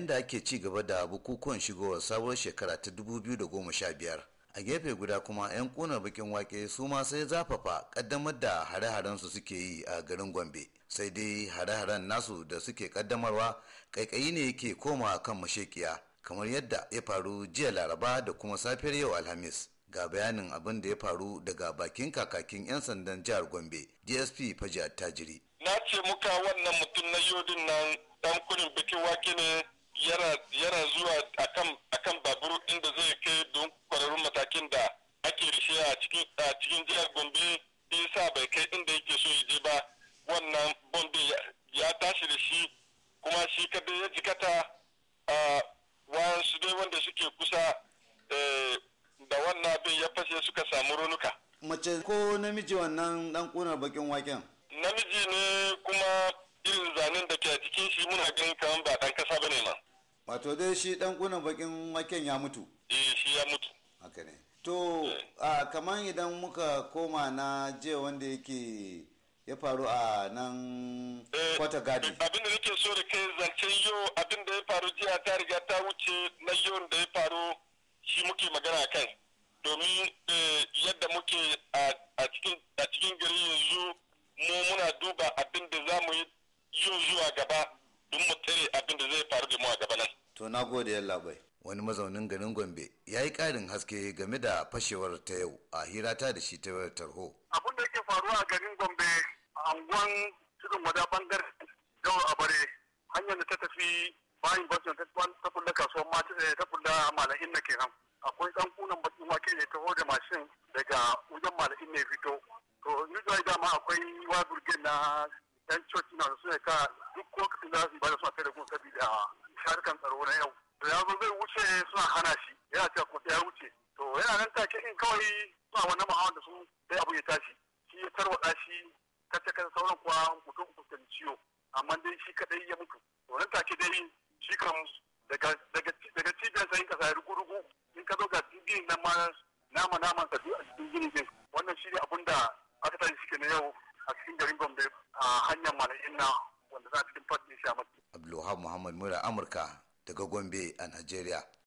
yayin da ake ci gaba da bukukuwan shigowar sabuwar shekara ta 2015 a gefe guda kuma 'yan kunar bakin wake su ma sai zafafa kaddamar da hare-haren su suke yi a garin gombe sai dai hare-haren nasu da suke kaddamarwa kaikayi ne yake koma kan mashekiya kamar yadda ya faru jiya laraba da kuma safiyar yau alhamis ga bayanin abin da ya faru daga bakin kakakin 'yan sandan jihar gombe dsp faji attajiri na ce muka wannan mutum na yodin nan dan kunin bikin wake ne yana zuwa akan babur inda zai kai don kwararrun matakin da ake rishe a cikin jihar gombe sa bai kai inda yake so ya je ba wannan bombe ya tashi da shi kuma shi kadai ya jikata a wayansu dai wanda suke kusa eh, da wannan abin ya fashe suka samu raunuka. mace ko namiji wannan dan kunar bakin waken namiji ne kuma irin zanen da ke a jikin shi muna ganin kamar ba dan wato dai shi dan kunan bakin waken ya mutu eh, shi ya mutu haka ne to eh. a kamar idan muka koma na je wanda yake ya faru a nan kwata eh, gadi abin da nake so da kai zance yo abin da ya faru jiya ta riga ta wuce na yo da ya faru shi muke magana kai domin yadda muke a cikin gari yanzu mu muna duba to na gode yalla bai wani mazaunin garin gombe ya yi ƙarin haske game da fashewar ta yau a hirata da shi ta tarho abin da yake faruwa a garin gombe a anguwan tudun wada bangar a bare hanyar da ta tafi bayan bashin ta kula kasuwar mata eh, ta fulla malahin na kenan akwai ɗan kunan bakin wake ne taho da mashin daga wajen mala'in ne fito to zai dama akwai wa burgen na ɗan coci na suna ka duk ko za su bada suna kai da gun suna hana shi yana cewa kuma sai ya wuce to yana nan take in kawai ba wannan muhawan da su sai abu ya tashi shi ya tarwada shi kace kan sauran kuwa mutum fuskan ciwo amma dai shi kadai ya mutu to nan take dai shi kan daga daga daga cibiyar sai ka sai rugu rugu in ka zo ga cibiyar nan ma nama naman ka a cikin gini din wannan shi ne abin da aka tashi shi na yau a cikin garin Gombe a hanyar malayin na wanda za a cikin fadin shi a Abdulwahab Muhammad Mura Amurka daga Gombe a Najeriya.